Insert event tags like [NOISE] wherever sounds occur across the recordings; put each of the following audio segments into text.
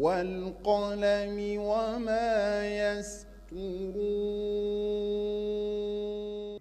والقلم وما يسطرون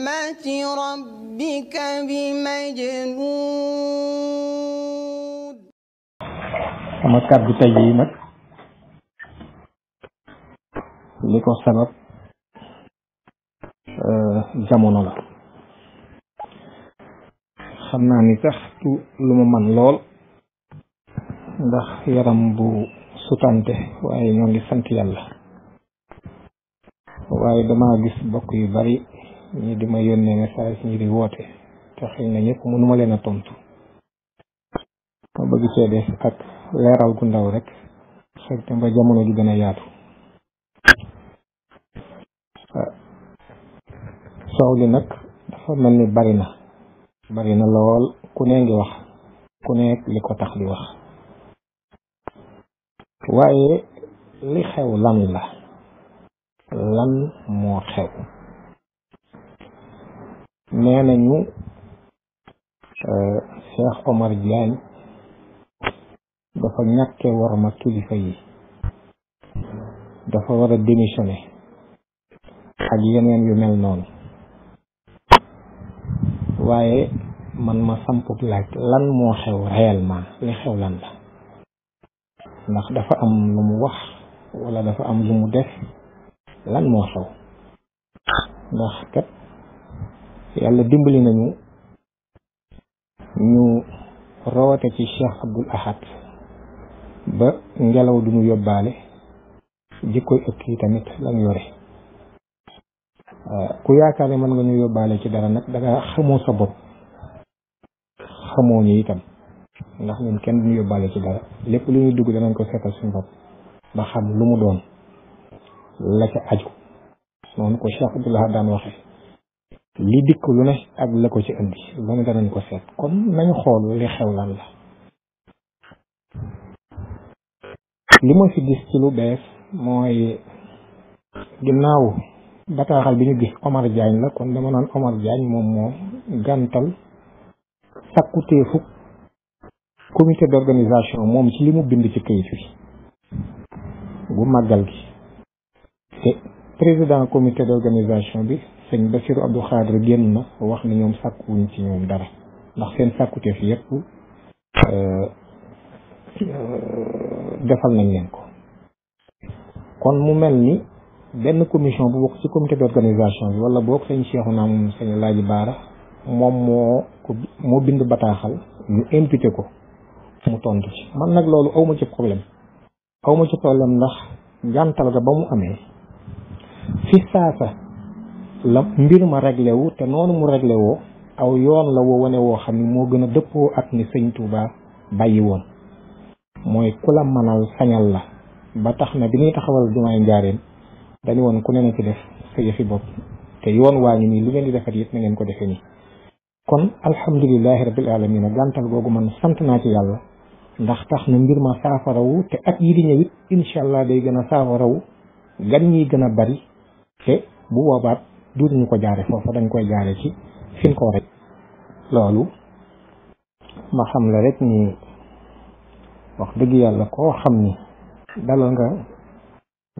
رحمة ربك بمجنون sama kàddu tey yi nag li ko sabab euh, jamono la xam naa ni sax tu lu ma man lool ndax yaram bu sutante waaye ñoo ngi sant yàlla waaye dama gis bokk yu bari ñi di ma yónnee message ñi di woote te xëy na ñëpp mënuma leen a tontu. ma bëgg cee def ak leeral gu ndaw rekk fekk jamono ji gën a yaatu. soow li nag dafa mel ni bari na lool ku ne ngi wax ku nekk li ko tax di wax waaye li xew lan la lan moo xew nee nañu euh, Cheikh Omar Diagne dafa ñàkke war ma kilifa yi dafa war a démissionné ak yeneen yu mel noonu waaye man ma sampuk laaj lan moo xew réellement li xew lan la ndax dafa am lu mu wax wala dafa am lu mu def lan moo xew ndax kat yàlla dimbali nañu ñu roote ci Cheikh Abdoul Ahad ba ngelaw du yóbbaale jikkoy ëkk yi tamit lañu yore ah, ku yaakaar ne mën nga ñu yóbbaale ci dara nag danga xamoo sa bopp xamoo itam ndax ñun kenn duñu yóbbaale ci dara lépp lu ñuy dugg danañ ko seetal suñu bopp ba xam lu mu doon la aju noonu ko Cheikh Abdoul Ahad daan waxee li dikk lu ne ak la ko ci indi loolu danañ ko seet kon nañu xool li xew lan la li ma fi gis ci lu bees mooy ginnaaw bataaxal bi ñu gis Omar Diagne la kon dama naan Omar Diagne moom moo gàntal sakkuteefu comité d'organisation moom ci li mu bind ci këyit bi bu màggal gi te président comité d'organisation bi sëñ Bassirou Abdou Khadre génn na wax na ñoom sàkkuwuñ ci ñoom dara ndax seen sàkkuteef yépp euh, euh, defal nañ leen ko kon mu mel ni benn commission bu bokk ci comité d'organisation bi wala boog sëñ Cheikhouna moom sëñ Laaji Baara moom moo ko moo bind bataaxal ñu imputé ko mu tontu ci man nag loolu awma ci problème awma ci problème ndax jàntal ga ba mu amee fi saasa la mbir ma réglé te noonu mu réglé aw yoon la woo wane woo xam ni moo gën a dëppoo ak ni sëñ Touba bàyyi woon mooy ku la manal sañal la ba tax na bi ñuy taxawal jumaay njaareem dañu woon ku ne ci def sa yëfi te yoon waa ngi nii lu ngeen di defat yëpp na ngeen ko defee nii kon alhamdulilahi rabil a gàntal googu man sant naa ci yàlla ndax tax na mbir ma saafarawu te at yi di ñëw it allah day gën a saafarawu gan ñi gën a bari te bu boobaat duutuñu ko jaare foofu dañ koy jaare ci fin ko rek loolu ma xam la rek ni wax dëgg yàlla koo xam ni dalal nga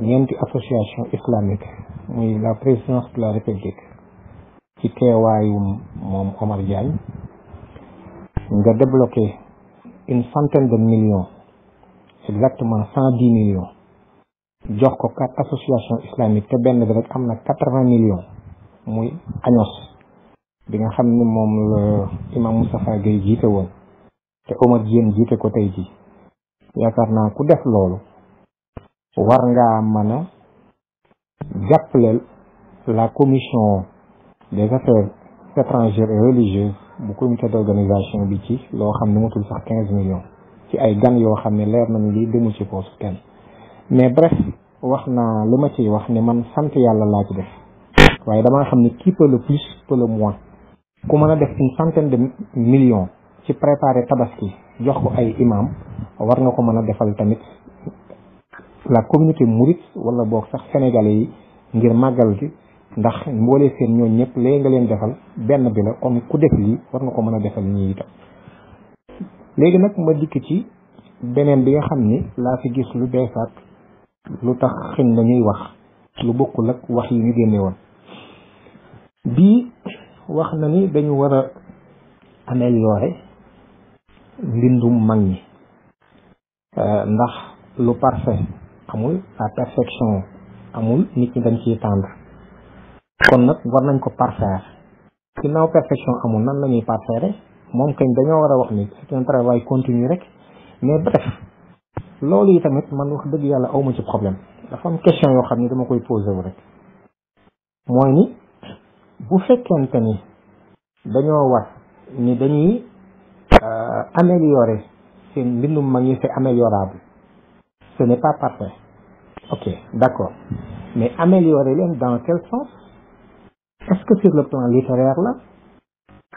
ñeenti association islamique muy la présidence de la république ci teewaayum moom Omar Diagne nga débloqué une centaine de millions exactement cent dix millions jox ko quatre associations te benn bi rek am na quatre vingt millions muy años bi nga xam ne moom la imam Moustapha Gueye jiite woon te Omar Diène jiite ko tey ji yaakaar naa ku def loolu war ngaa mën a jàppaleel la commission des affaires étrangères et religieuses bu comité d'organisation bi ci loo xam ne matul sax quinze millions ci ay gan yoo xam ne leer nañ li demul ci poosu kenn mais bref wax naa li ma ciy wax ne man sant yàlla laa ci def waaye damaa xam ne qui peut le plus peut le moins ku mën a def une centaine de million ci préparer tabaski jox ko ay imam war nga ko mën a defal tamit la communauté mouride wala boog sax sénégalais yi ngir màggal gi ndax mboolee seen ñoo ñëpp léegi nga leen defal benn bi la kon ku def lii war nga ko mën a defal ñii itam léegi nag ma dikk ci beneen bi nga xam ni laa fi gis lu beesaat lu tax xin na ñuy wax lu bokkul ak wax yi ñu génne bii wax na ni dañu war a améliorer mbindum mag ñi euh, ndax lu parfait amul la perfection amul nit ñi dañ ciy tendre kon nag war nañ ko parfaire ginnaaw perfection amul nan la ñuy parfaire moom kañ dañoo war a wax ni c'est un travail continu rek mais bref loolu yi tamit man wax dëgg yàlla awma ci problème dafa am question yoo xam ne dama koy posé rek mooy ni bu fekkente ni dañoo wax ni dañuy euh, améliorer seen mbindum mag ñi c'est améliorable ce n'est pas parfait ok d'accord mais améliorer leen dans quel sens est-ce sur le plan littéraire la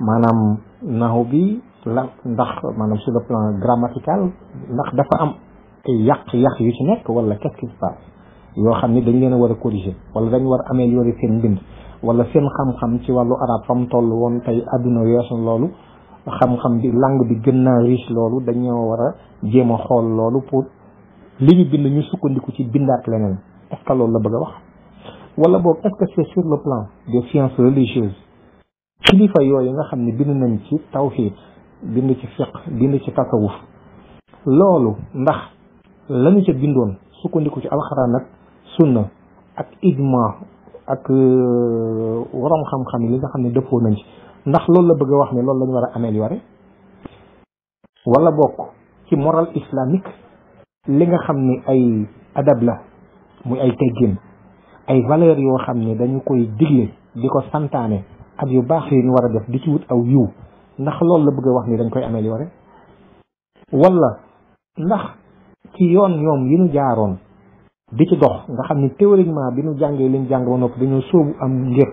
maanaam naxu bi la ndax maanaam sur le plan grammatical ndax dafa am ay yàq-yàq yu ci nekk wala quest yoo xam ni dañ leen a war a corriger wala dañ war a améliorer seen mbind wala seen xam-xam ci wàllu arab fa mu toll woon tey adduna weesu loolu xam-xam bi langue bi gën naa riche loolu dañoo war a jéem a xool loolu pour li ñu bind ñu sukkandiku ci bindaat leneen est loolu la bëgg wax wala boog est ce que c'est sur le plan des sciences religieuses kilifa yooyu nga xam ne bind nañ ci tawhid bind ci fiq bind ci tasawuf loolu ndax lañu ca bindoon sukkandiku ci alxuraan ak sunna ak ijma ak euh, waroom xam-xam yi li nga xam ne dëppoo nañ ndax loolu la bëgg a wax ni loolu lañu ñu war a améliorer wala bokk ci moral islamique li nga xam ni ay adab la muy ay teggin ay valeurs yoo xam ne dañu koy digle di ko santaane ak yu baax yu ñu war a def di ci wut aw yiw ndax loolu la bëgg a wax ni dañ koy améliorer wala ndax ci yoon ñoom yi ñu jaaroon di ci dox nga xam ni théoriquement bi nu jàngee liñ jàng ba noppi dañoo sóobu am ngir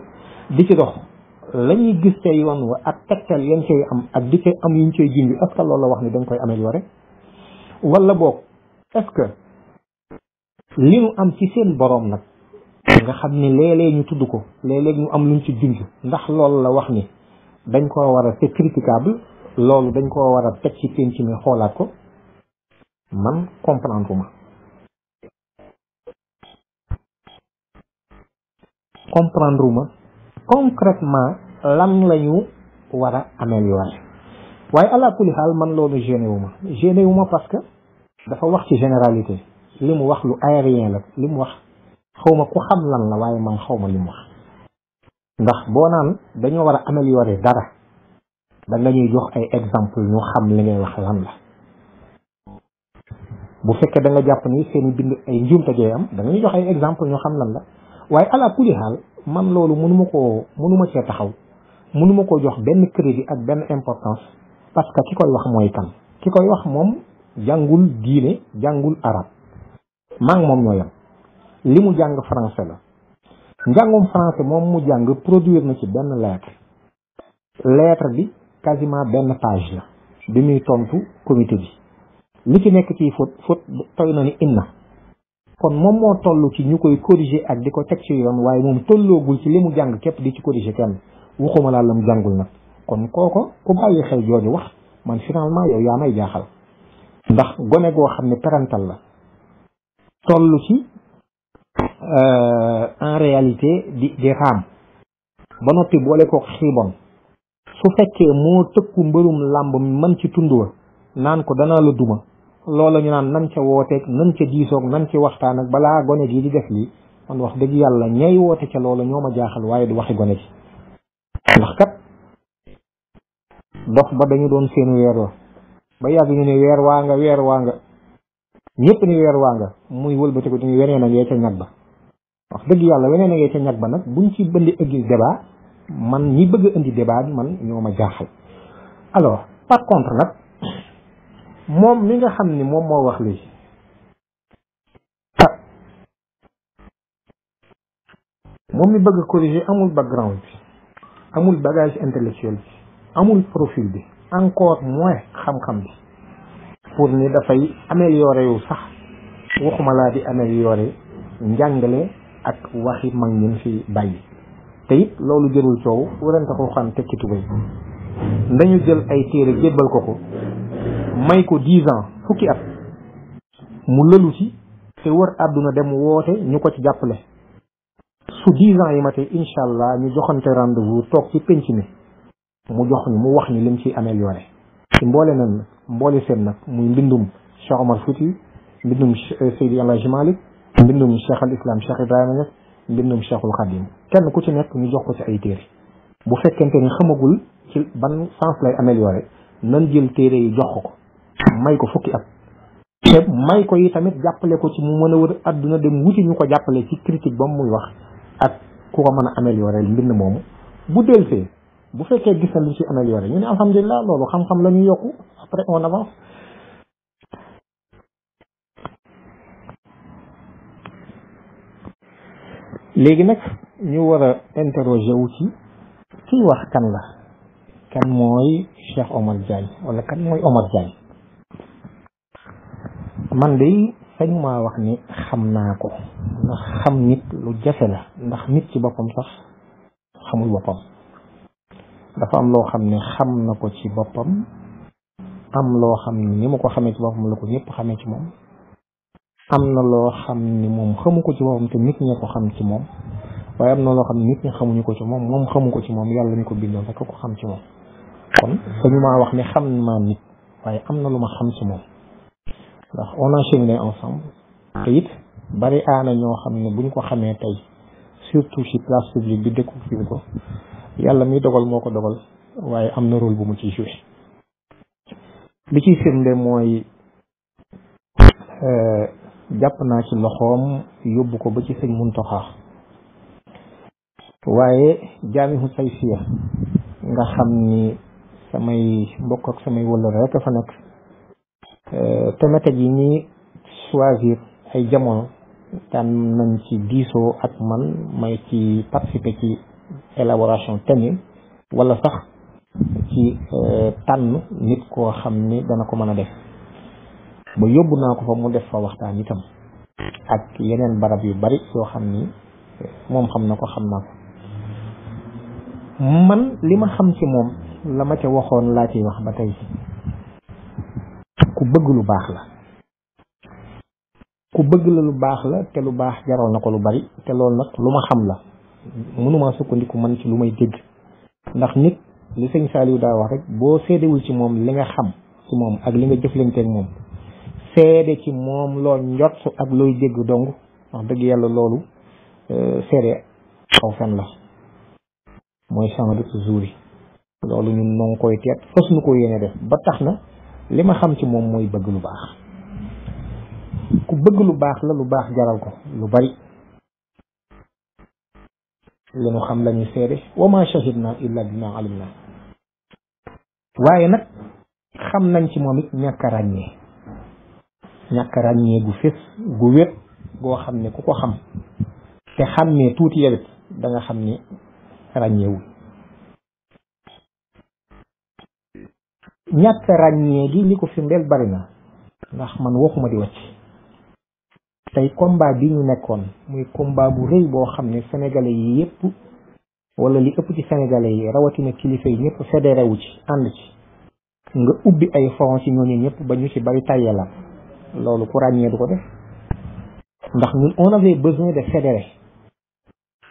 di ci dox la ñuy gis ca yoon wa ak tegtal yañ cay am ak di ca am yuñ cay junj est-ce que loolu la wax ni dañ koy améliorer wala boog est que li am ci seen boroom nag nga xam ni léeg ñu tudd ko léeg-léeg am luñ ci junj ndax loolu la wax ni dañ koo war a c'est loolu dañ koo war a teg ci penc mi xoolaat ko man comprendre ma comprendre ma concrètement lan la ñu war a améliorer waaye ala xaal man loolu gêné wu ma parce que dafa wax ci généralité li mu wax lu aérien la li mu wax xawma ku xam lan la waaye man xawma li mu wax ndax boo naan dañoo war a améliorer dara da ñuy jox ay exemple ñu xam li ngay wax lan la bu fekkee da jàpp ni seen bind ay njuumte am da nga jox ay exemple ñu xam lan la waaye ala kulli xaal man loolu mënuma koo mënuma cee taxaw mënuma koo jox benn crédit ak benn importance parce que ki koy wax mooy kan ki koy wax moom jàngul diine jàngul arab maa ngi moom ñoo yem li mu jàng français la njàngum français moom mu jàng produire na ci benn lettre lettre bi quasiment benn page la bi muy tontu comité bi li ci nekk ci faute faute toy na ni inna kon moom moo toll ci ñu koy corriger ak di ko teg ci yoon waaye moom tolloogul ci li mu jàng képp di ci corriger kenn waxuma laa la mu jàngul nag kon kooko ku bàyyi xel jooju wax man finalement yow yaa may jaaxal ndax gone goo xam ne parental la toll ci euh, en réalité di di raam ba noppi boole ko xiibon su fekkee moo tëkku mbërum làmb man ci tund wa naan ko danaa la loola ñu naan nan ca wooteeg nan ca diisoog nan ci waxtaan ak balaa gone gi di def lii man wax dëgg yàlla ñay woote ca loola ñoo ma jaaxal waaye du waxi gone gi ndax kat dof ba dañu doon seen weer wa weer waa nga weer waa nga ñëpp ni weer waa nga muy wëlbatiku dañu weneen a ngee ca ñag ba wax dëgg yàlla weneen a ngee ca ñag ba nag buñ ci bëndi indi débat man ñi bëgg indi débat bi man ñoo ma jaaxal alors par contre nag moom mi nga xam ni moom moo wax lii ah. moom mi bëgg corriger amul background bi amul bagage intellectuel bi amul profil bi encore moins xam-xam bi pour ni dafay améliorer yu sax waxuma laa di améliorer njàngale ak waxi mag ñun ci bàyyi te it loolu jërul coow warante ko xam tekki tubay dañu jël ay téere jébbal ko ko may ko dix fukki at mu lëlu ci te wër àdduna dem woote ñu ko ci jàppale su dix ans yi matee incha allah ñu joxante rendez-vous toog ci penc mi mu jox ñu mu wax ni lim ci amélioré ci mboole nan mboole seen nag muy mbindum Cheikh Omar Fouti mbindum euh, Seydi El Hadji Malick mbindum Cheikh al Islam Cheikh Ibrahima Niass mbindum Cheikhul Khadim kenn ku ci nekk ñu jox ko ci ay téere bu fekkente ni xamagul ci ban sens lay amélioré nan jël téere yi jox ko may ko fukki at te may ko yi tamit jàppale ko ci mu mën a wër àdduna dem wuti ñu ko jàppale ci critique ba muy wax ak ku ko mën a améliorer mbind moomu bu delsee bu fekkee gis na lu ci amélioré ñu ne alhamdulilah loolu xam-xam la ñuy yokku après on avance léegi nag ñu war a interroger wu ci kiy wax kan la kan mooy Cheikh Omar Diagne wala kan mooy Omar Diagne man de sañ maa wax ni xam naa ko ndax xam nit lu jafe la ndax nit ci boppam sax xamul boppam dafa am loo xam ne xam na ko ci boppam am loo xam ne ni ko xamee ci boppam la ko ñëpp xamee ci moom am na loo xam ni moom xamu ko ci boppam te nit ñee ko xam ci moom waaye am na loo xam ne nit ñi xamuñu ko ci moom moom xamu ko ci moom yàlla mi ko bindoon rek ko xam ci moom kon sañu maa wax ne xam naa nit waaye am na lu ma xam ci moom ndax on a cheminé ensemble te bari aana ñoo xam ne buñ ko xamee tey surtout ci place publique bi découvrir ko yàlla mi dogal moo ko dogal waaye am na rol bu mu ciy joué li ciy firnde mooy euh, jàpp naa ci loxoom yóbbu ko ba ci mun Muntaxa waaye jaamihu sayfiya nga xam ni samay mbokk ak samay wëllëre rek fa nekk Euh, thématique yi ñuy choisir ay jamono daan nañ ci diisoo ak man may ci participer ci élaboration thème yi wala sax ci euh, tànn nit koo xam ni dana ko mën a def ba yóbbu naa ko fa mu def fa waxtaan itam ak yeneen barab yu bari yoo xam ni moom xam na ko xam naa ko man li ma xam ci moom la ma ca waxoon laa ciy wax ba tey ku bëgg lu baax la ku bëgg la lu baax la te lu baax jaral na ko lu bari te loolu nag lu ma xam la mënuma sukkandiku man ci lu may dégg ndax nit li sëñ Saliou daa wax rek boo seedewul ci moom li nga xam ci moom ak li nga jëflanteeg moom seede ci moom loo njot ak looy dégg dong wax dëgg yàlla loolu euh, seede xaw fen la mooy chambre de toujours yi loolu ñun noo koy teet fas nu ko yéene def ba tax na li ma xam ci moom mooy bëgg lu baax ku bëgg lu baax la lu baax jaral ko lu bari li nu xam la ñu seede wa ma shahidna illa bima alimna waaye nag xam nañ ci moom it ñàkk a ràññee ñàkk ràññee gu fés gu wér goo xam ne ku ko xam te xam ne tuuti yewit da xam ne ràññeewul ñàkk ràññee gi li ko firndeel bari na ndax man waxuma di wàcc tey combat bi ñu nekkoon muy combat bu rëy boo xam ne sénégalais yi yépp wala li ëpp ci sénégalais yi rawatina kilifa yi ñëpp fédéré wu ci ànd ci nga ubbi ay front ci ñooñu ñëpp ba ñu ci bari tayyala loolu ku ràññee du ko def ndax ñun on avait besoin de fédérer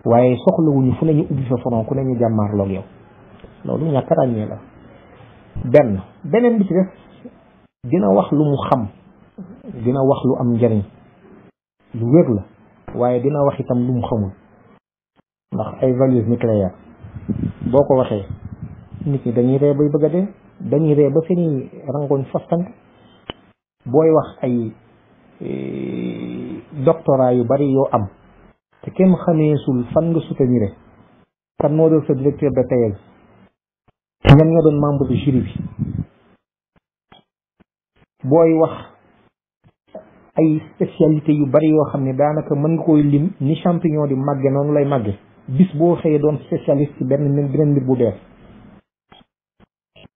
waaye soxlawuñu fu nañu ubbi fa front ku ne jàmmaarloog yow loolu ñàkk ràññee la benn beneen bi ci def dina wax lu mu xam dina wax lu am njariñ lu wér la waaye dina wax itam lu mu xamul ndax ay values nucléaires boo ko waxee nit ñi dañuy ree bay bëgg a dee dañuy ree ba seeni rangoñ fastante booy wax ay e, doctorat yu bari yoo am te kenn xameesul fan nga soutenir kan moo doon sa directeur de thèse ñan ñoo doon membre du bi booy wax ay spécialité yu bari yoo xam ne daanaka mën nga koy lim ni champignon di màgge noonu lay màgge bis boo xëyee doon spécialiste ci benn beneen mbir bu bees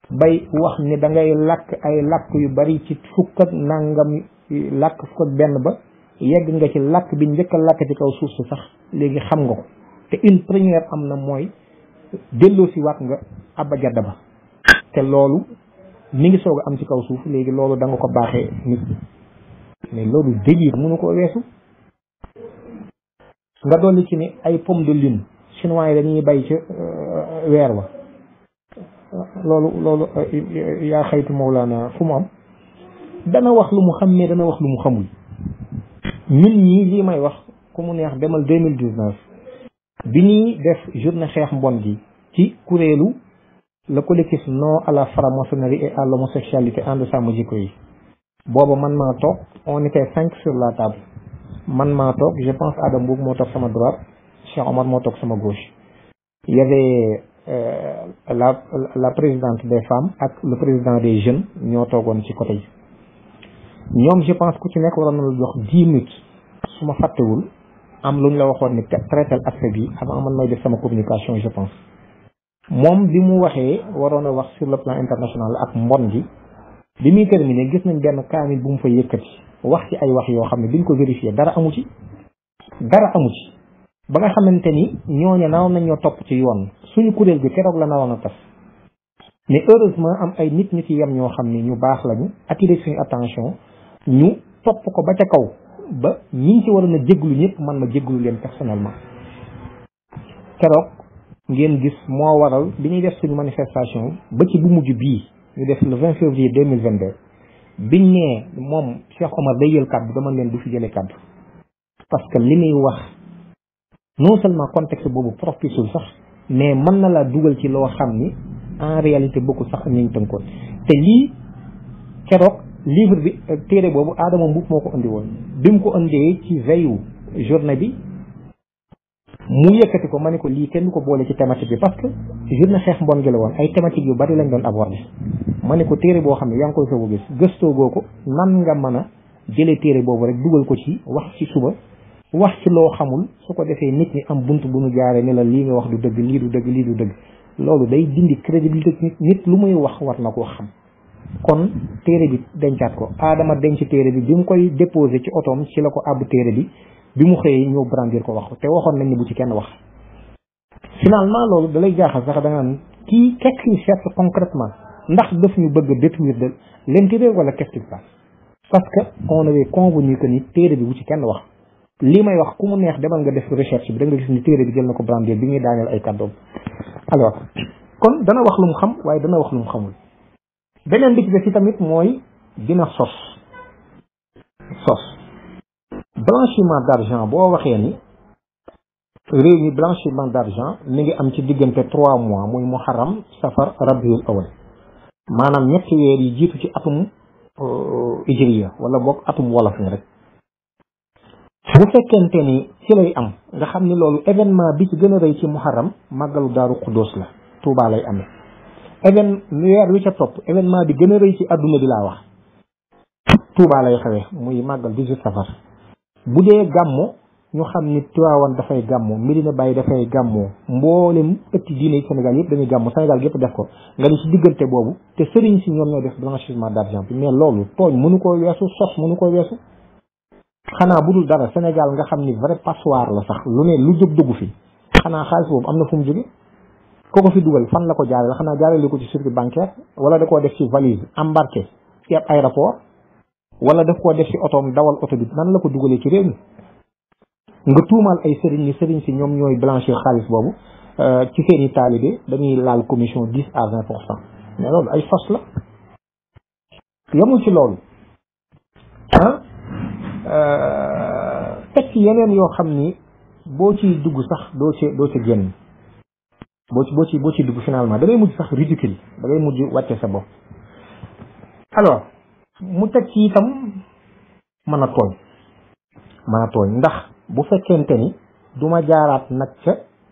bay wax ne da làkk ay làkk yu bari ci fukk ak nangam làkk fukk ak benn ba yegg nga ci làkk bi njëkk a làkk ci kaw suuf si sax léegi xam nga ko te une première am na mooy delloo si waat nga abajada ba te loolu mi ngi soog am ci kaw suuf léegi loolu danga nga ko baaxee nit mais loolu mu mënu ko weesu nga dolli ci ni ay pomme de lune chinois yi dañuy bay ci euh, weer wa loolu loolu euh, yaa xaytu Mawlana fu mu am dana wax lu mu xam mais dana wax lu mu xamul ñun ñii lii may wax ku mu neex demal deux mille dix-neuf bi ñuy def journée xeex mbon gi ci kuréelu le collectif non à la franc-maçonnerie et à l'homosexualité ànd sàmm jikko yi booba man maa toog on était cinq sur la table man maa toog je pense Adam Bouk moo toog sama droite Cheikh Omar moo toog sama gauche y avait euh, la la présidente des femmes ak le président des jeunes ñoo toogoon ci côté yi ñoom je pense ku ci nekk waroon na la jox dix minutes su ma fàttewul am lu ñu la waxoon ni traité aspect bi avant man may def sama communication je pense moom bi mu waxee waroon a wax sur le plan international ak mbon bi bi muy terminé gis nañ benn kaamil bu mu fa yëkkati wax ci ay wax yoo xam ne biñ ko vérifié dara amu ci dara amu ci ba nga xamante ni ñooñu naroon nañoo topp ci yoon suñu kuréel bi keroog la naroon a tas mais heureusement am ay nit ñu ci yem ñoo xam ne ñu baax lañu attiré suñu attention ñu topp ko ba ca kaw ba ñi ci waroon a jéglu ñëpp man ma jéglu leen personnellement ngeen gis moo waral bi ñuy def suñu manifestation ba ci bu mujj bii ñu def le 20 février 2022 biñ nee moom Cheikh Omar day jël kàddu dama leen du fi jëlee kàddu parce que li muy wax non seulement contexte boobu propiceul sax mais mën na laa dugal ci loo xam ni en réalité bokkul sax ñu nañ tënkoon te lii keroog livre bi téere boobu Adama Mboup moo ko andi woon bi mu ko andee ci veyu journée bi mu yëkkati ko ma ne ko lii kenn ko boole ci thématique bi parce que journée Cheikh Mbon gi la woon ay thématique yu bari lañ doon abordé ma ne ko téere boo xam ne yaa ngi koy soog a gis gëstoo goo ko nan nga mën a jëlee téere boobu rek dugal ko ci wax ci suba wax ci loo xamul su ko defee nit ñi am bunt bu ñu jaaree nelaw lii nga wax du dëgg lii du dëgg lii du dëgg loolu day dindi crédibilité nit nit lu muy wax war na koo xam kon téere bi dencaat ko aadama denc téere bi bi koy déposé ci otoom ci ko àbb téere bi bi mu xëyee ñëw brandir ko wax te waxoon nañ ni bu ci kenn wax finalement loolu dalay jaaxal sax da nga naan kii qu'est-ce qu'il concrètement ndax def ñu bëgg a détruire de l'intérieur wala qu'est-ce qui parce que on avait convenu que ni téere bi bu ci kenn wax li may wax ku mu neex demal nga def recherche bi da nga gis ni téere bi jël na ko brandir bi muy daaneel ay kàddoom alors kon dana wax lu xam waaye dana wax lu xamul beneen bi ci des tamit mooy dina sos blanchiment d'argent boo waxee ni réew mi blanchiment d'argent mi ngi am ci diggante trois mois muy muharram safar rabiul awal maanaam ñetti weer yi jiitu ci atum euh, hijriya wala boog atum wolof ni rek bu fekkente ni ci lay am nga xam ni loolu événement bi ci gën a rëy ci muharram màggalu daaru xuddoos la Touba lay amee évén weer wi ca topp événement bi gën a rëy ci àdduna bi laa wax Touba lay xewee muy màggal 18 safar bu dee gàmmo ñu xam ni Tiwaawan dafay gàmmo Medina Baye dafay gàmmo mboole ëtti diine yi Sénégal yëpp dañuy gàmmo Sénégal yëpp def ko nga ni si diggante boobu te sëriñ si ñoom ñoo def blanchissement d'argent bi mais loolu tooñ mënu koo weesu sos mënu ko weesu xanaa bu dul dara Sénégal nga xam ni vrai passoire la sax lu ne lu jóg dugg fi xanaa xaalis boobu am na fu mu jóge ko ko fi dugal fan la ko jaarale xanaa jaarale ko ci circuit bancaire wala da koo def ci valise embarqué ci ab aéroport wala daf koo def ci otoom dawal oto bi nan la ko dugalee ci réew mi nga tuumaal ay sëriñ ni sëriñ si ñoom ñooy blanchir xaalis boobu euh, ci seen i dañuy laal commission dix à vingt pour cent mais ay fas la yamul ci loolu ah euh, teg yeneen yoo xam ni boo ci dugg sax doo ci doo ci génn boo ci boo ci boo ci dugg finalement da ngay mujj sax ridicule da mujj wàcce sa bopp alors mu teg ci itam mën a tooñ mën a tooñ ndax bu fekkente ni du ma jaaraat nag ca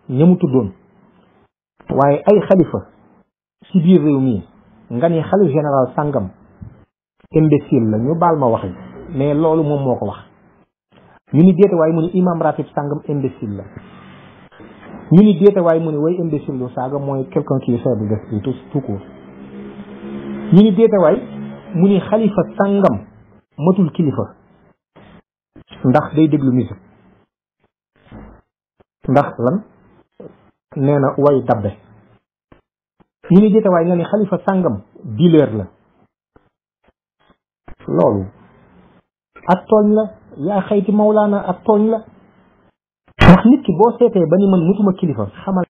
ñamu tuddoon waaye ay xalifa ci biir réew mi nga ni xalif général sàngam imbécile la ñu baal ma wax yi mais loolu moom moo ko wax ñu ni déete waaye mu ni imam ratib sàngam imbécile la ñu ni déete waaye mu ni way imbécile lu saaga mooy quelqu'un qui est faible d'esprit tout court ñu ni déete waay mu ni xalifa sàngam matul kilifa ndax day déglu musique ndax lan nee na dabbe ñu ni jëtawaay nga ni xalifa sàngam dealer la loolu ak tooñ la yaa xayti mawlaana ak tooñ la nit ki boo seetee ba ni man mutuma kilifa xamal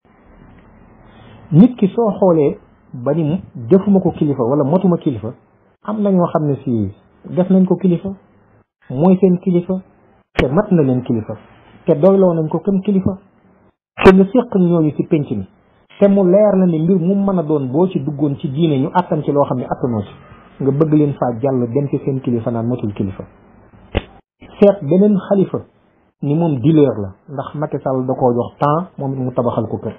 nit ki soo xoolee ba ni defuma ko kilifa wala matuma kilifa am na ñoo xam ne sii def nañ ko kilifa mooy seen kilifa te mat na leen kilifa te doyloo nañ ko comme kilifa te nga séq ñooñu ci penc mi te mu leer na ne mbir mu mën a doon boo ci duggoon ci diine ñu attan ci loo xam ne attanoo ci nga bëgg leen faa jàll dem ci seen kilifa naan matul kilifa seet beneen xalifa ni moom dileer la ndax Macky Sall da koo jox temps moom it mu tabaxal ko kër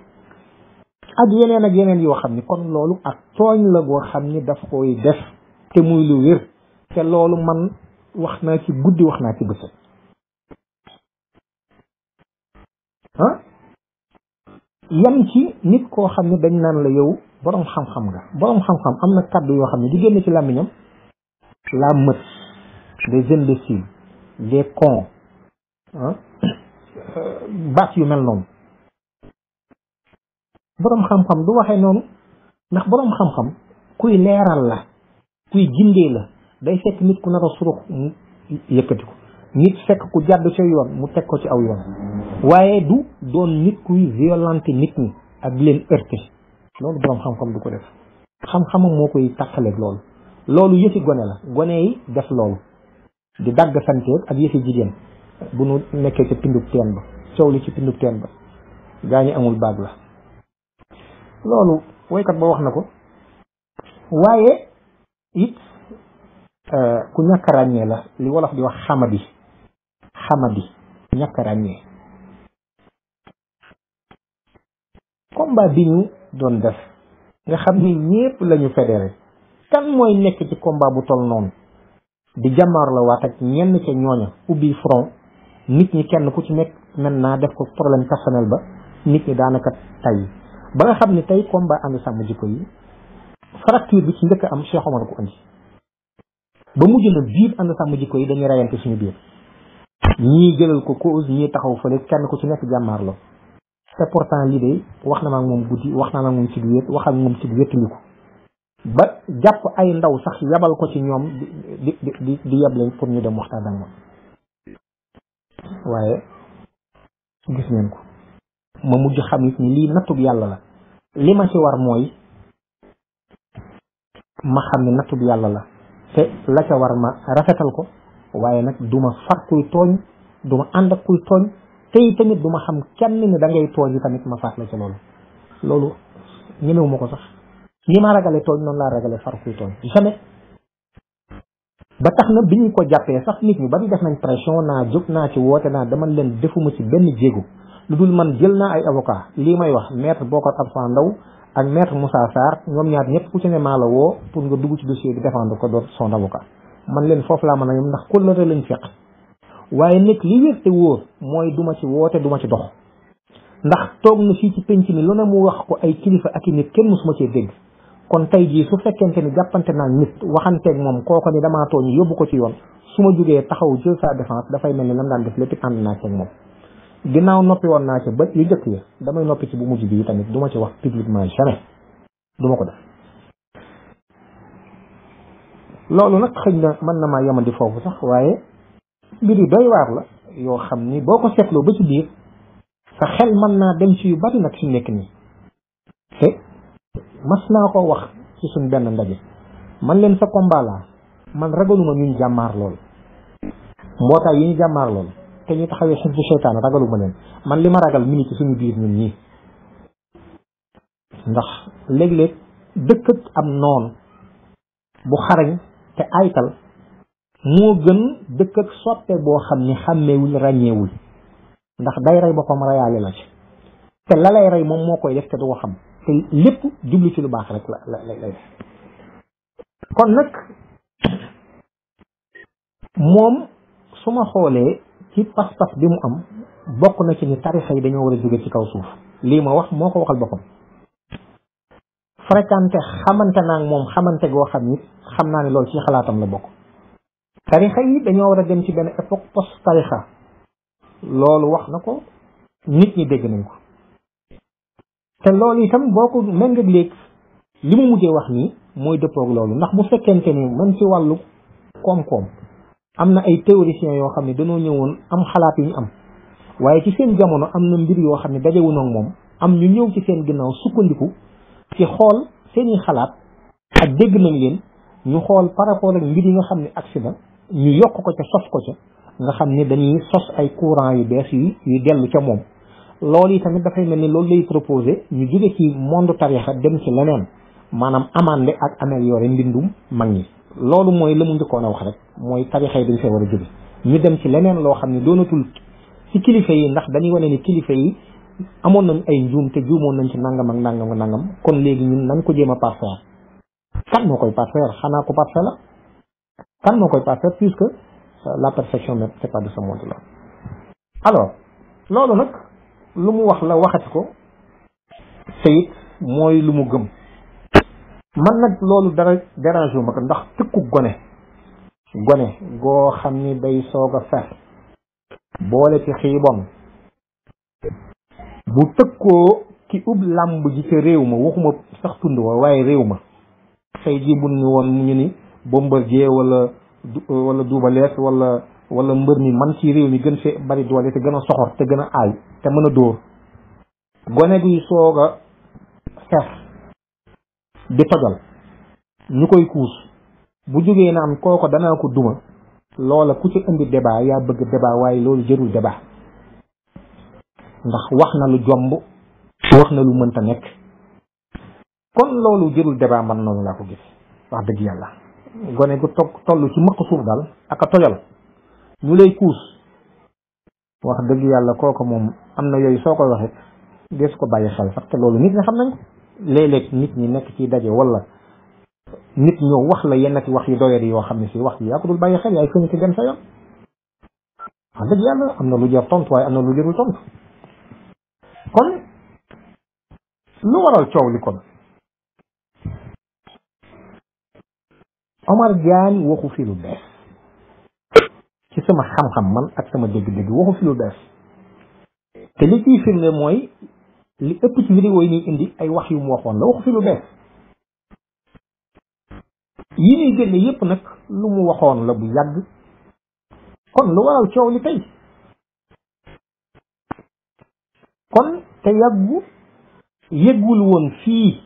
ak yeneen ak yeneen yoo xam ni kon loolu ak tooñ la goo xam ne daf koy def te muy lu wér te loolu man wax naa ci guddi wax naa ci bëccëg ah yam ci nit koo xam ne dañ naan la yow boroom xam-xam nga boroom xam-xam am na kàddu yoo xam ne di génn ci làmmiñam la meute des imbéciles des cons [COUGHS] ah yu mel noonu boroom xam-xam du waxee noonu ndax boroom xam-xam kuy leeral la kuy gindee la day fekk nit ku nar a surux mu yëkkati ko nit fekk ku jàdd ci yoon mu teg ko ci aw yoon waaye du doon nit kuy violenter nit ñi ak di leen heurter loolu boroom xam-xam du ko def xam-xamam moo koy tàqaleeg loolu loolu yëfi gone la gone yi def loolu di dagg santeeg ak yëfi jigéen bu nu nekkee ci pindub teen ba coow li ci pindub teen ba gaa ñi amul baag la loolu woykat ba wax na ko waaye it euh, ku ñàkk ràññee la li wolof di wax xamadi xamadi ku ñàkk ràññee combat bi ñu doon def nga xam ni ñépp lañu fédéré kan mooy nekk ci combat bu toll noonu di jàmmaar la waat ak ñenn ca ñooña ubbi front nit ñi kenn ku ci nekk maintenant def ko problème personnel ba nit ñi daanaka tey ba nga xam ni tey combat ànd sàmm jikko yi fracture bi ci njëkk am Cheikh Omar ko andi ba mujj na biir ànd sàmm jikko yi dañuy rayante suñu biir ñii jëlal ko cause ñii taxaw fële kenn ku ci nekk jàmmaarlo te pourtant lii de wax na ma moom guddi wax naa ma ak moom ci biir wax ak moom ci biir ko ba jàpp ay ndaw sax yabal ko ci ñoom di di di di yeble pour ñu dem waxtaan ak waaye gis ngeen ko ma mujj xam ni lii nattug yàlla la li ma ci war mooy ma xam ne nattub yàlla la te la ca war ma rafetal ko waaye nag duma ma far kuy tooñ duma ma ànd ak kuy tooñ tey tamit du ma xam kenn ni da ngay tooñ yi tamit ma faat la ca loolu loolu ñemewu ko sax ñi ma ragale tooñ noonu laa ragale far kuy tooñ jamais ba tax na bi ñu ko jàppee sax nit ñi ba def nañ pression naa jóg naa ci woote naa dama leen defuma ci benn jéego lu dul man jël naa ay avocat lii may wax maître Bocar Absa Ndao ak maître Moussa Sarr ñoom ñaar ñëpp ku ci ne maa woo pour nga dugg ci dossier bi défendre ko doon son avocat man leen foofu laa mën a yem ndax kóllëre lañ feq waaye nekk li wér te wóor mooy duma ci woote duma ci dox ndax toog na fii ci penc mi lu ne mu wax ko ay kilifa ak i nit kenn musuma cee dégg kon tey jii su fekkente ni jàppante naa nit waxanteeg moom kooko ni damaa tooñ yóbbu ko ci yoon su ma jógee taxaw jël sa défense dafay mel ni daan def lépp ànd naa ceeg ginnaaw noppi woon naa ci ba yu njëkk yi damay noppi ci bu mujj bi tamit duma ci wax publiquement jamais du ma ko def loolu nag xëy na mën na maa yemandi foofu sax waaye mbir yu doy waar la yoo xam ni boo ko seetloo ba ci biir sa xel mën naa dem ci yu bari nag ci nekk nii te mas naa ko wax ci suñ benn ndaje man leen sa combat laa man ragaluma ñuñ jàmmaar lool mbootaay yi ñu jàmmaar lool te ñi taxawee xifdu seytaane ragalu ma leen man li ma ragal mi ngi ci suñu biir ñun ndax léeg-léeg dëkkat am noon bu xarañ te aytal moo gën dëkk ak soppe boo xam ni xàmmeewul ràññeewul ndax day rey boppam reyaale la ci te la rey moom moo koy def te du ko xam te lépp jublu ci lu baax rek la la lay def kon nag moom su ma xoolee ci pas-pas bi mu am bokk na ci ni tarixa yi dañoo war a jóge ci kaw suuf lii ma wax moo ko waxal boppam fréquenté xamante naa ak moom xamante goo xam ni xam naa ne loolu ci xalaatam la bokk tarixa yi dañoo war a dem ci benn époque post tarixa loolu wax na ko nit ñi dégg nañ ko te loolu itam boo ko méngag léegi li mu mujjee wax nii mooy dëppoog loolu ndax bu fekkente ni man ci wàllu koom-koom am na ay théoriciens yoo xam ne dañoo ñëwoon am xalaat yu am waaye ci seen jamono am na mbir yoo xam ne dajewuñu moom am ñu ñëw ci seen ginnaaw sukkandiku ci xool seeni xalaat ak dégg nañ leen ñu xool par rapport ak mbir yi nga xam ne agsi na ñu yokk ko ca sos ko ca nga xam ne dañuy sos ay courant yu bees yu yu dellu ca moom loolu yi tamit dafay mel ni loolu lay proposé ñu jóge ci monde tarixa dem ci leneen maanaam amande ak améliorer mbindum mag ñi loolu mooy la mu njëkkoon a wax rek mooy tarixa dañ fee war a jóge ñu dem ci leneen loo xam ne doonatul ci kilifa yi ndax dañuy wane ni kilifa yi amoon nañ ay njuum te juumoon nañ ci nangam ak nangam ak nangam kon léegi ñu nañ ko jéem a parfaire kan moo koy parfaire xanaa ko parfaire la kan moo koy parfaire puisque euh, la perfection même c'est pas de ce monde là alors loolu nag lu mu wax la waxati ko te mooy lu mu gëm man nag loolu dara dérange wu ma ko ndax tëkku gone gone goo xam ni day soog a fer boole ci xiibon bu tëkkoo ki ub làmb ji ca réew ma waxuma sax tund wa waaye réew ma xëy ji bu woon mu ñu ni Bombardier wala wala Double walla wala wala mbër mi man ci réew mi gën fee bari doole te gën a soxor te gën a aay te mën a dóor gone guy soog a di tojal ñu koy kuus bu jógee na am kooko danaa ko duma loola ku ci indi débat yaa bëgg débat waaye loolu jërul débat ndax wax na lu jomb wax na lu mënta nekk kon loolu jërul débat man noonu laa ko gis wax dëgg yàlla gone gu togg toll ci mëq suuf daal ak tojal ñu lay kuus wax dëgg yàlla kooku moom am na yooyu soo koy waxee des ko bàyyi xel sax te loolu nit ñi xam nañ léeg nit ñi nekk ci daje wala nit ñoo wax la yenn ci wax yu doyadi yoo xam ne si wax yi yaa ko dul bàyyi xel yaay fëñu ci dem sa yoon am na lu jar tontu waaye am na lu jarul tontu kon lu waral coow li kon Omar Diagne waxu fi lu bees ci sama xam-xam man ak sama dégg-dégg waxu fi lu bees te li ciy firnde mooy li ëpp ci vidéo yi ñuy indi ay wax yu mu waxoon la waxu fi lu bees yi ñuy génne yépp nag lu mu waxoon la bu yàgg kon lu waral coow li tey kon te yàggu yëggul woon fii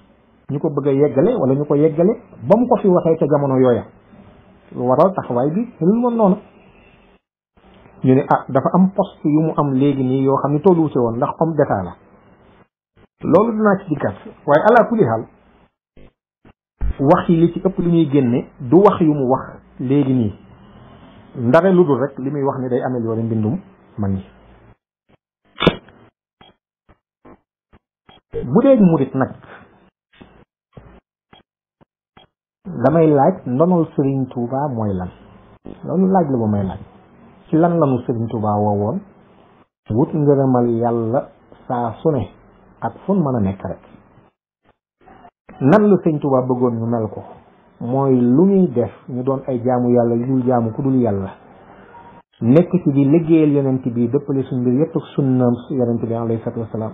ñu ko bëgg a yeggale ñu ko yeggale ba mu ko fi waxee ca jamono yooya lu waral taxawaay bi lu moon noonu ñu ne ah dafa am poste yu mu am léegi nii yoo xam ne tolluwuse woon ndax homme d'état la loolu dinaa ci dikkat waaye ala xaal wax yi li ci ëpp li muy génne du wax yu mu wax léegi nii ndare lu rek li muy wax ni day améliorer mbindum man yi bu dee murit nag damay laaj ndonol Serigne Touba mooy lan loolu laaj la ba may laaj ci lan lanu Serigne Touba woowoon wut ngërëmal yàlla saa su ne ak fun mën a nekk rek nan lu sëñ Tuubaa bëggoon ñu mel ko mooy lu ñuy def ñu doon ay jaamu yàlla yu dul jaamu ku dul yàlla nekk ci di liggéeyal yonent bi dëppale suñ mbir yépp ak sunnaam yonent bi alayhi salaatu wasalaam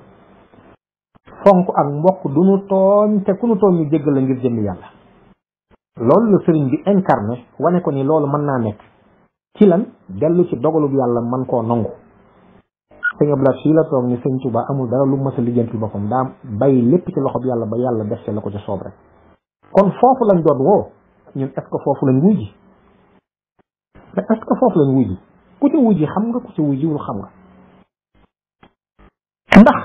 fonk ak mbokk du ñu tooñ te ku ñu tooñ ñu jéggal la ngir jënd yàlla loolu la sëriñ bi incarné wane ko ni loolu mën naa nekk ci lan dellu ci dogalub yàlla man koo nangu sëñ Abdoulaye fii la toog ni sëñ Touba amul dara lu mas a lijjanti boppam daa bàyyi lépp ci loxob yàlla ba yàlla def ci la ko ca soob rek kon foofu lañ doon woo ñun est-ce que foofu lañ wuy ji mais est foofu lañ wuy ji ku ca wuy ji xam nga ku ca wuy jiwul xam nga ndax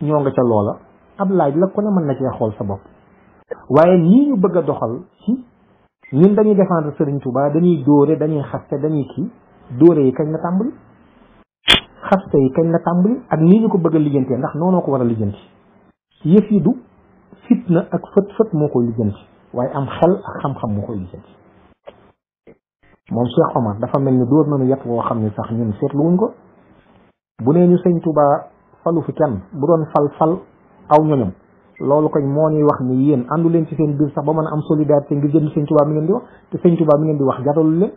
ñoo nga ca loola ab laaj la ku ne mën na cee xool sa bopp waaye nii ñu bëgg a doxal ci ñun dañuy défendre Serigne Touba dañuy dóore dañuy xaste dañuy kii dóore yi kañ la tàmbali xaste yi kañ la tàmbali ak nii ñu ko bëgg a lijjantee ndax noonoo ko war a lijjanti yëf yi du fitna ak fët fët moo koy lijjanti waaye am xel ak xam-xam moo koy lijjanti moom dafa mel ni dóor nañu yet woo xam ne sax ñun seetlu wuñ ko bu nee ñu sëñ Touba falu fi kenn bu doon fal fal aw ñoñom loolu koñ moo ñuy wax ni yéen àndu ci seen biir sax ba mën a am solidarité ngir jëm sëñ Touba mi ngeen di wax te sëñ Touba mi ngeen di wax jaralu leen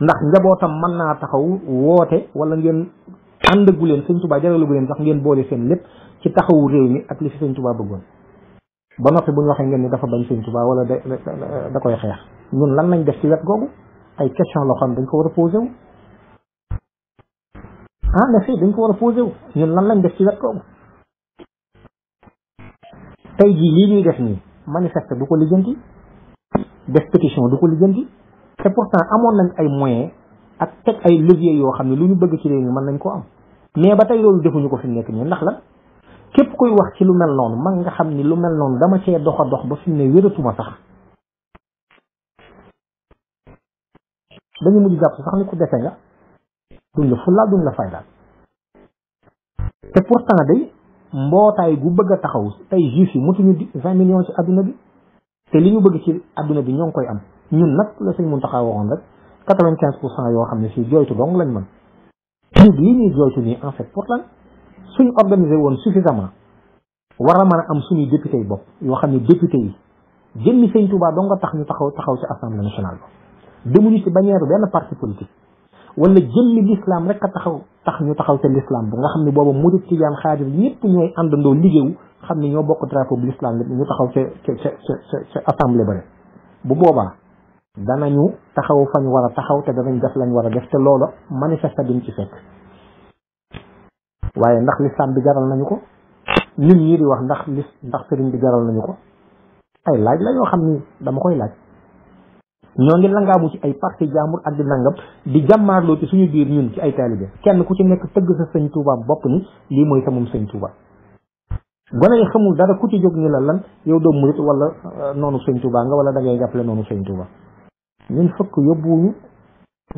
ndax tam mën naa taxaw woote wala ngeen àndagu leen sëñ Tuubaa jaralagu leen sax ngeen boole seen lépp ci taxawu réew mi ak li fi sëñ Tuubaa bëggoon ba noppi bu ñu ngeen ni dafa bañ sëñ Tuubaa wala da da koy lan lañ def ci wet googu ay question loo xam dañ ko war a posé wu en ah, effet dañ ko war a posé wu ñun lan lañ def ci wet googu tey jii lii ñuy def nii manifeste du ko lijjanti def ko lijjanti te pourtant amoon nañ ay moyens ak teg ay levier yoo xam ne lu ñu bëgg ci réew mi nañ koo am mais ba tey loolu defuñu ko fi nekk nii ndax lan képp kuy wax ci lu mel noonu man nga xam ni lu mel noonu dama cee dox dox ba fi mu ne wératuma sax dañu mujj jàpp sax ni ku dese nga duñ la fullaal duñ la faydaal te pourtant day mbootaay gu bëgg a taxaw tey juif yi mutuñu di vingt millions ci adduna bi te li ñu bëgg ci adduna bi ñoo ngi koy am ñun nag la sëñ Muntaxa waxoon rek quatre-vingt-quinze pour yoo xam ne fii jooytu dong lañ mën ñun lii ñuy jooytu nii en fait pour lan suñ organisé woon suffisamment war a man a am suñuy député yi bopp yoo xam ne député yi jëmmi sëñ Touba dong nga tax ñu taxaw taxaw ci assemblée nationale ba demuñu ci bannière benn parti politique wala jëmmi l'islam rek a taxaw tax ñu taxaw ci l'islam bu nga xam ne booba murit tijaan xaadir ñëpp ñooy àndandoo liggéeyu xam ne ñoo bokk drapeau bu l'islam ñu taxaw ca ca ca ca ca bu boobaa danañu taxaw fañ war taxaw te danañ def lañ war a def te looloo manifeste duñ ci fekk waaye ndax lislaam bi jaral nañu ko nit ñi wax ndax lis ndax sëriñ bi jaral nañu ko ay laaj la yoo xam ni dama koy laaj ñoo ngi langaamu ci ay parti jaamur ak di nangam di jàmmaarloo ci suñu biir ñun ci ay taalibe kenn ku ci nekk tëgg sa sëñ Tuubaa bopp ni lii mooy sa moom sëñ Tuubaa gone yi xamul dara ku ci jóg ni la lan yow doo murit wala euh, noonu sëñ Tuubaa nga wala da ngay jàppale noonu sëñ Tuubaa ñun fëkk yóbbuwuñu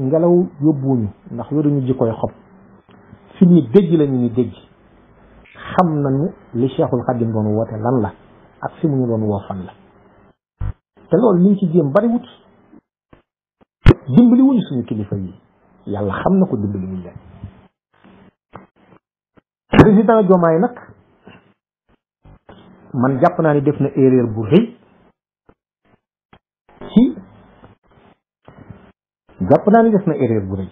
ngelaw yóbbuwuñu ndax yoruñu jikkoy xob fi ñu dégg lañu ñu dégg xam nañu li Cheikhul Khadim doon woote lan la ak fi mu ñu doon woo la te loolu liñ ci jéem bariwut dimbali suñu kilifa yi yàlla xam na ko dimbali wuñ président Diomaye nag man jàpp naa ni def na erreur bu rëy jàpp naa ni na erreur bu rëy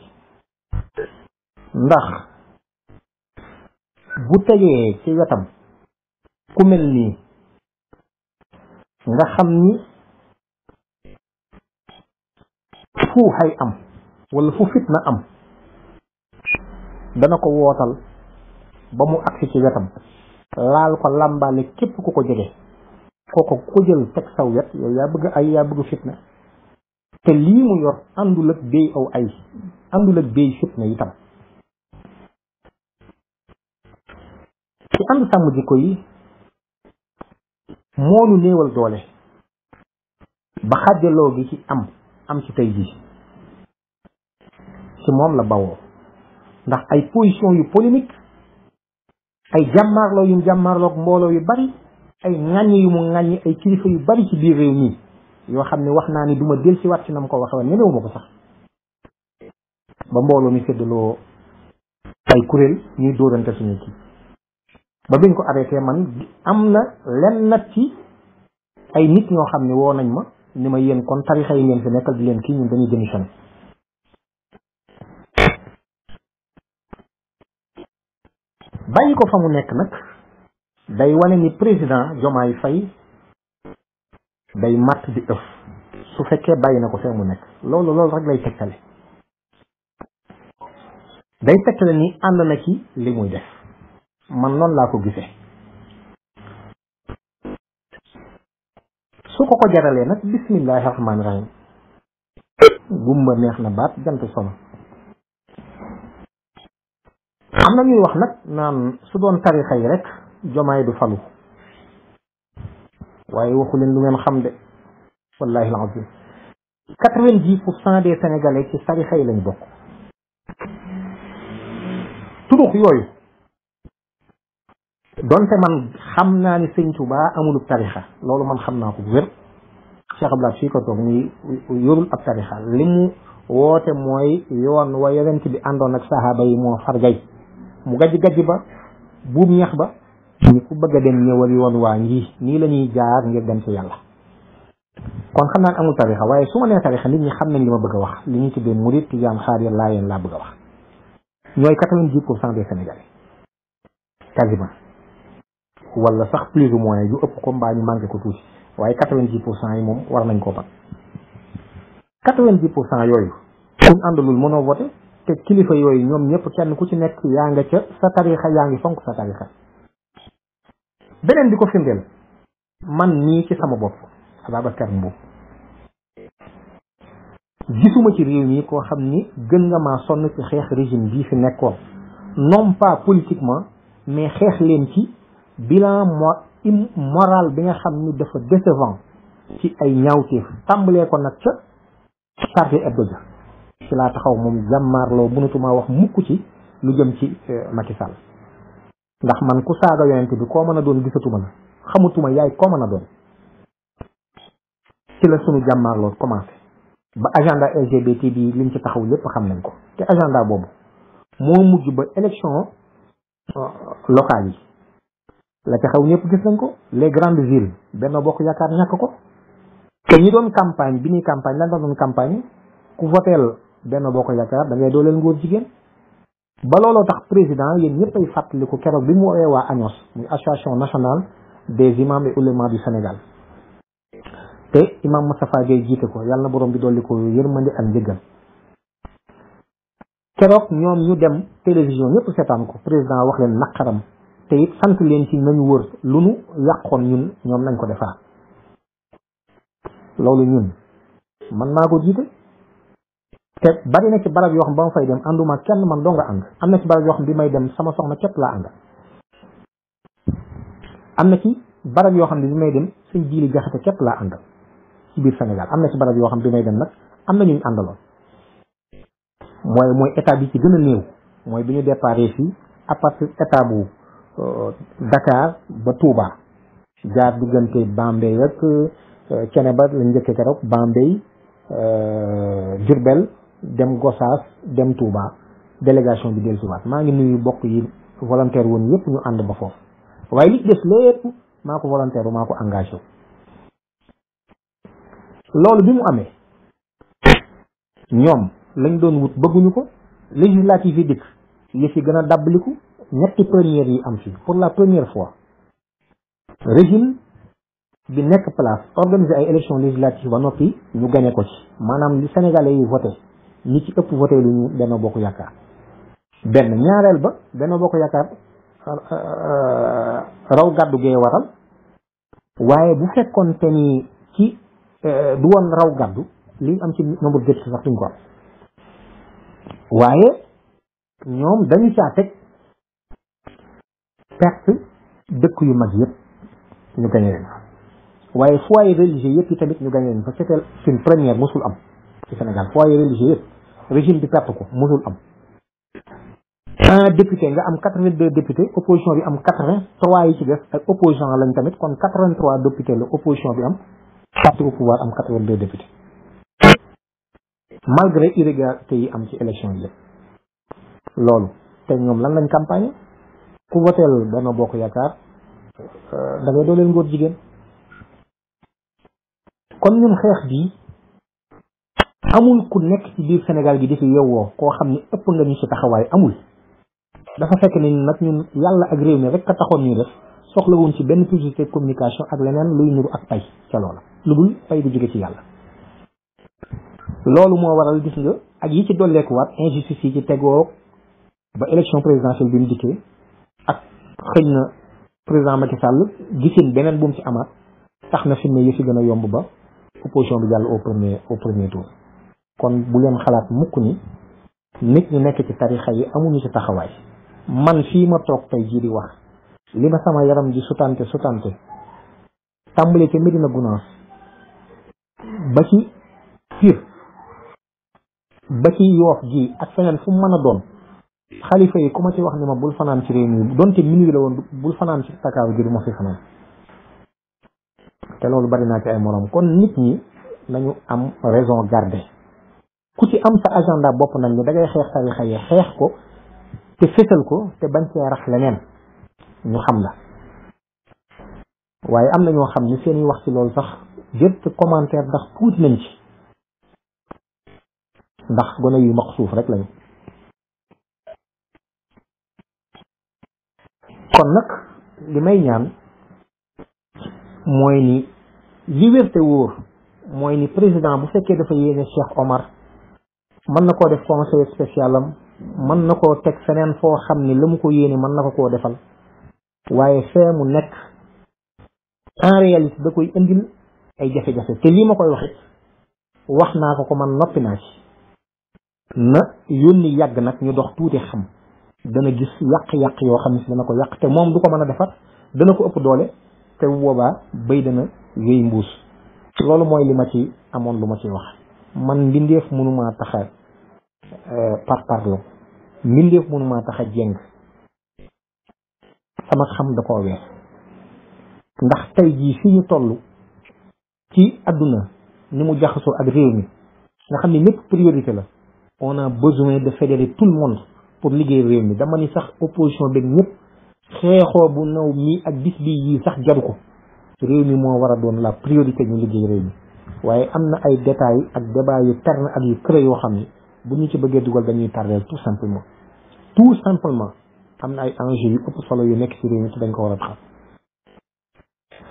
ndax bu tegee ci wetam ku mel nii nga xam ni fu am wala fu fitna am dana ko wootal ba mu agsi ci wetam laal ko làmbaale képp ku ko jege kooku ku ko jël teg saw wet yaa bëgg ay yaa bëgg fitna te lii mu yor àndul ak béy aw ay àndul ak béy fitna itam ci ànd sàmm jikko yi moonu néewal doole ba xàjjaloo gi ci am am ci tey jii ci moom la bawoo ndax ay position yu polémique ay jàmmaarloo yu jàmmaarloog mbooloo yu bari ay ŋàññ yu mu ŋàññ ay kilifa yu bari ci biir réew mi yoo xam ne wax naa ni du ma del si waat na ma ko waxee woon ñemewu ko sax ba mbooloo mi séddaloo ay kuréel ñuy dóorante suñu ci ba biñ ko arrêté man am na lenn nag ci ay nit ñoo xam ne woo nañ ma ni ma yéen kon tarixa yi ngeen nekkal di leen kii ñun dañuy démissionné bàyyi ko fa mu nekk nag day wane ni président Diomaye Faye day matt di ëf su fekkee bàyyi na ko fee nekk loolu lool rek lay tegtale day tegtale ni ànd na ci li muy def man noonu laa ko gisee su ko ko jaralee nag bismillahi rahmaani rahim gumba neex na baat jant sono am na ñuy wax nag naan su doon tarixa yi rek jomaay du falu waaye waxu leen lu ngeen xam de wallahi alazim quatre vingt ci tarixa yi lañ bokk turux yooyu donte man xam naa ni sëñ Tuubaa amulub tarixa loolu man xam naa ko bu wér fii ko toog ni yorul ab tarixa li mu woote mooy yoon wa yonent bi àndoon ak sahaaba yi moo far mu gajj gajj ba buub ñeex ba ñu ku bëgg a dem ñëwal yoon waa ngi nii la jaar ngir dem ci yàlla kon xam naa amul tarixa waaye su ma nee tarixa nit ñi xam nañ li ma bëgg a wax li ñu tuddee murit tijaan xaadir laayeen laa bëgg a wax ñooy quatre-vingt-dix pour cent des sénégalais quasiment wala sax plus ou moins yu ëpp ko mbaa ñu manqué ko tuuti waaye quatre-vingt-dix pour cent yi moom war nañ koo pat quatre-vingt-dix pour cent yooyu suñ àndalul mënoo voté te kilifa yooyu ñoom ñëpp kenn ku ci nekk yaa nga ca sa yaa ngi fonk sa beneen bi ko firndeel man nii ci sama bopp Ababacar Mbow gisuma ci réew koo xam ni gën nga maa sonn ci xeex régime bii fi nekkoon non pas politiquement mais xeex leen ci bilan mo bi nga xam ni dafa décevant ci ay ñaawteef tàmbalee ko nag ca Charlie Hebdo ja ci laa taxaw moom jàmmaarloo mënatumaa wax mukk ci lu jëm ci euh, Macky ndax man ku saaga yonent bi koo mën a doon gisatuma la xamutuma yaay koo mën a doon ci la sunu jàmmaarloo commencé ba agenda LGBT bi liñ ci taxaw lépp xam nañ ko te agenda boobu moo mujj ba élection euh, locale yi la ca xaw ñëpp gis nañ ko les grandes villes benn bokk yaakaar ñàkk ko te ñi doon campagne bi ñuy campagne lan la doon campagne ku voteel benn bokk yaakaar da ngay dooleel ngóor jigéen ba looloo tax président yéen ñëpp ay fàttaliku keroog bi mu woowee waa ANOS muy association nationale des imams et oulémas du Sénégal te imam Moustapha Gueye jiite ko yàlla na borom bi dolli ko yërmande ak njëggal keroog ñoom ñu dem télévision ñëpp seetaan ko président wax leen naqaram te it sant leen ci nañu wër lu nu yàqoon ñun ñoom nañ ko defar loolu ñun man maa ko jiite te bari na ci barab yoo xam ba ma fay dem ànduma kenn man doo nga ànd am na ci barab yoo xam bi may dem sama soxna képp laa ànd am na ci barab yoo xam ne bi may dem sëñ jiili jaxate képp laa àndal ci biir Sénégal am na ci barab yoo xam bi may dem nag am na ñuñ àndaloon mooy mooy état bi ci gën a néew mooy bi ñu déparé fii à état bu euh, Dakar ba Touba jaar diggante Bambey ak Ceneba euh, lañ njëkkee keroog Bambey euh, Diourbel dem Gosaas dem ba délégation bi dellusiwaat maa ngi nuyu bokk yi volontaire woon yëpp ñu ànd ba foofu waaye li des lépp maa ko volontaire wu maa ko loolu bi mu amee ñoom lañ doon wut bëgguñu ko législative yi dikk yëf yi gën a dàbbaliku ñetti première yi am fii pour la première fois régime bi nekk place organiser ay élection législative ba noppi ñu gagné ko ci maanaam senegal sénégalais yi voté li ci ëpp voté lu ñu Benno Bokk Yaakaar benn ñaareel ba Benno Bokk Yaakaar euh, euh, raw gàddu gee waral waaye bu fekkoon te ni ci euh, du woon raw gàddu li am ci nombre de sax duñ ko am waaye ñoom dañu caa teg perte dëkk yu mag yëpp ñu gañe leen fa waaye foyer religieux yëpp yi tamit ñu gañe leen fa c'était une première mosul am ci Sénégal foyer religieux yëpp régime bi perte ko mosul am un député nga am quatre-vingt-deux députés opposition am quatre-vingt-trois yi ci def ak opposition lañ tamit kon quatre-vingt-trois députés la opposition bi am parti au am quatre-vingt-deux députés malgré irrégularité yi am ci élection yi yëpp loolu te ñoom lan lañ campagne ku voteel Benno Bokk Yaakaar euh, da ngay dooleel ngóor jigéen kon ñun xeex bii amul ku nekk ci biir Sénégal gi di fi yowwoo koo xam ne ëpp nga ñu ci taxawaay amul dafa fekk ni nag ñun yàlla ak réew mi rek a taxoon ñu def soxlawuñ ci benn publicité communication ak leneen luy nuru ak pay ca loola lu dul pay bu jóge ci yàlla loolu moo waral gis nga ak yi ci dolleekuwaat injustice ci tegoo ba élection présidentielle bi mu dikkee ak xëy na président Macky gisin beneen bu mu ci amaat tax na fi mu ne yëfi gën a yomb ba opposition bi jàll au premier au premier tour kon bu leen xalaat mukk ni nit ñu nekk ci tarixa yi amuñu ci taxawaay man fii ma toog tey jii di wax li ma sama yaram ji sutante sutante tàmbalee ca Medina Gunaas ba ci Pire ba ci Yoof ji ak feneen fu mën a doon xalifa yi ku ma ci wax ni ma bul fanaan ci réew mi donte minuit la woon bul fanaan ci Dakar gi du ma fi fanaan te loolu bari naa ci ay moroom kon nit ñi nañu am raison garder ku ci am sa agenda bopp nag ni da ngay xeex tarixa yi xeex ko te fësal ko te bañ cee rax leneen ñu xam la waaye am na ñoo xam ni seeni wax ci loolu sax jëpp commentaire ndax tuuti nañ ci ndax gone yu maq suuf rek lañu kon nag li may ñaan mooy ni li wóor mooy ni président bu fekkee dafa yéene Cheikh Omar mën na koo def conseil spécial am mën na koo teg feneen foo xam ni la mu ko yéene mën na ko koo defal waaye fee mu nekk en da koy indil ay jafe-jafe te lii ma koy waxit wax naa ko ko man noppi naa ci na yónni yàgg nag ñu dox tuuti xam dana gis yàq-yàq yoo xam ne si dana ko yàq te moom du ko mën a defar dana ko ëpp doole te boobaa bay dana wéy mbuus loolu mooy li ma ci amoon lu ma ciy wax man mbindeef mënumaa tax a euh, parparlo mbindeef mënumaa tax a jeng sama xam da koo wees ndax tey jii fi ñu toll ci àdduna ni mu jaxasoo ak réew mi nga xam ne lépp priorité la on a besoin de fédérer tout le monde pour liggéey réew mi dama ni sax opposition beeg ñëpp xeexoo bu naw mii ak bis bii yii sax jaru ko réew mi moo war a doon la priorité ñu liggéey réew mi waaye am na ay détails ak débat yu terne ak yu creux yoo xam ni bu ñu ci bëggee dugal dañuy tardeel tout simplement tout simplement am na ay enjeux yu ëpp solo yu nekk ci réew mi te dañ ko war a xam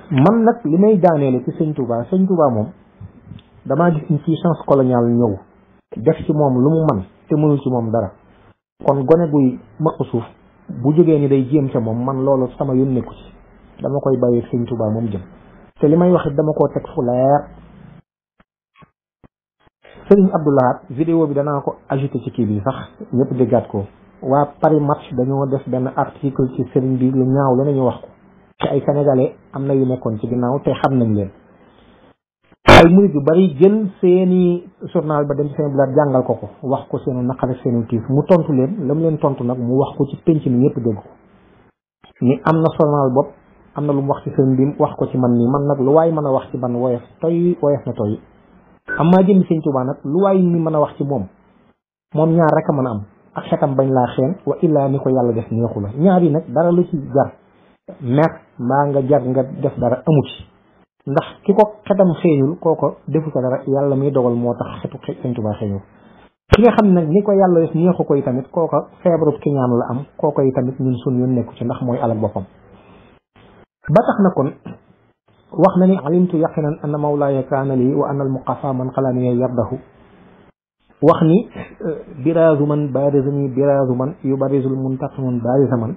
man nag li may daaneele ci sëñ Touba sëñ Touba moom dama gis ni puissance coloniale ñëw def ci moom lu mu man te mënul ci moom dara kon gone guy mëq suuf bu jógee ni day jéem ca moom man loolu sama yoon nekku ci dama koy bàyyi sëñ Touba moom jëm te li may wax dama koo teg fu leer Serigne Abdoulahat vidéo bi danaa ko ajouté ci kii bi sax ñëpp déggaat ko waa Paris Match dañoo def benn article ci sëriñ bi lu ñaaw la nañu wax ko ci ay sénégalais am na yu nekkoon ci ginnaaw te xam nañ leen ay murid yu bari jël seeni journal ba dem seen bilaat jàngal ko ko wax ko seenu naqar ak seenu mu tontu leen la mu leen tontu nag mu wax ko ci penc mi ñëpp dégg ko ni am na journal bopp am na lu mu wax ci sëriñ bi wax ko ci man nii man nag lu waaye mën a wax ci man woyof toy woyof na toy am maa jëmmi sëñ Tuubaa nag lu waay ni mën a wax ci moom moom ñaar rek a mën a am ak xetam bañ laa xeen wa illaa ni ko yàlla def neexu la ñaar yi nag dara lu ci jar mer maa nga jar nga def dara amu ci ndax ki ko xetam xeeñul kooko defu ko dara yàlla muy dogal moo tax xetu sëñ Tuubaa xeeñul ki nga xam ne ni ko yàlla def neexu koy tamit kooko feebarub ki ñaan la am kooko yi tamit ñun sun yoon nekku ci ndax mooy alal boppam ba tax na kon wax na ni alimtu yaqinan anna mawlaaya kaana lii wa anna almuqafa man qalamiya yardahu wax ni euh, biraazu man baarizani biraazu man yubarizul muntaqimun baariza man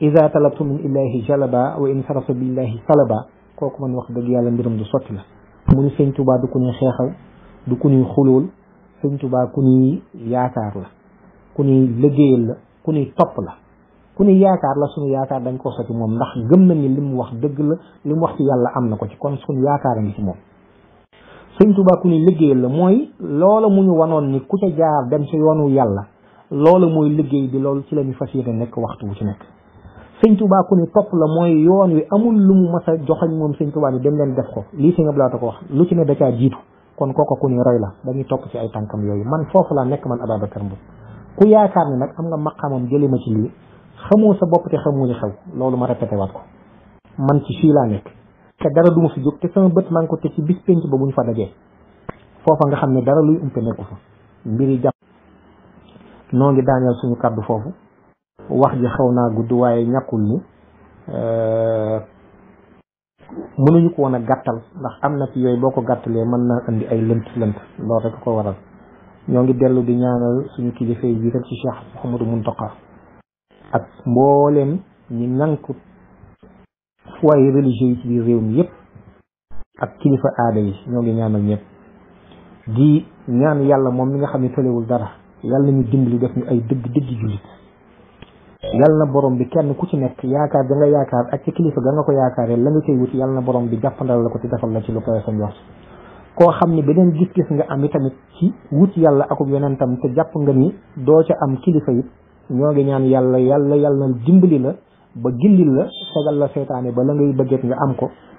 ida talabtu min illahi jalaba wa in sarafu billahi salaba kooku man wax dëgg yàlla mbiram du sotti la mu ni sëñ tubaa du ku ñuy xeexal du ku ñuy xulool sëñ tubaa ku ñuy yaakaar la ku ni yaakaar la suñu yaakaar dañ ko soti moom ndax gëm na ni li wax dëgg la li mu wax ci yàlla am na ko ci kon suñu yaakaar a ngi ci moom sëñ Tuubaa ku ni liggéey la mooy loola mu ñu wanoon ni ku jaar dem ci yoonu yàlla loola mooy liggéey bi loolu ci la ñu fas yéene nekk waxtu wu ci nekk sëñ topp la mooy yoon wi amul lu mu mas a joxañ moom sëñ Tuubaa ni dem leen def ko lii sëñ Abdoulaye ko wax lu ci ne da caa jiitu kon kooka ku ni roy la dañuy topp ci ay tànkam yooyu man foofu laa nekk man Ababacar Mboup ku yaakaar ni nag am nga maqaamam jëlee ci lii xamoo sa bopp te xamoo li xew loolu ma répété waat ko man ci fii laa nekk te dara duma fi jóg te sama bët maa ko te ci bis penc ba bu ñu fa dajee foofa nga xam ne dara luy umpe nekku fa mbiri jàpp noo ngi daaneel suñu kàddu foofu wax ji xaw naa gudd waaye ñàkkul ni euh, mënuñu ko woon a gàttal ndax am na ci yooyu boo ko gàttalee mën naa indi ay lënt lënt loolu rek ko waral ñoo ngi dellu di ñaanal suñu kilifa yi rek ci Cheikh Mouhamadou Mountakha ak mbooleem ñi nanku foyer religieux yi ci biir réew mi yépp ak kilifa aada yi ñoo ngi ñaanal ñëpp di ñaan yàlla moom mi nga xam ne tolewul dara yàlla nañu dimbali def ñu ay dëgg dëgg jullit yàlla na borom bi kenn ku ci nekk yaakaar da yaakaar ak ci kilifa ga nga ko yaakaaree la nga koy wuti yàlla na borom bi jàppandal la ko ci defal la ci lu koy sa njort koo xam ni beneen gis-gis nga am i tamit ci wut yàlla akum yonentam te jàpp nga ni doo ca am kilifa it ñoo ngi ñaan yàlla yàlla yàlla dimbali la ba gillil la fegal la seytaane ba la ngay bëgget nga am ko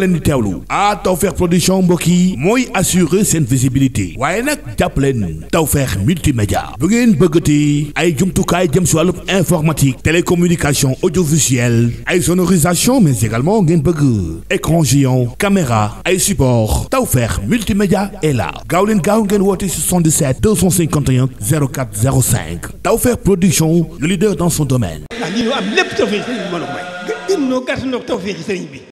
leen di teewlu ah Tawfekh production mbokk yi mooy assurer seen visibilité waaye nag jàpp leen Tawfekh multimédia bu ngeen bëggati ay jumtukaay jëm si wàllu informatique télécommunication audiovisuelle ay sonorisation mais également ngeen bëgg écran géant caméra ay support Tawfekh multimédia est là gaaw leen gaaw ngeen woote 77 251 04 05 son domaine. ah lii am lépp Tawfekh sëriñ bi mën a may. gën noo gàtt bi.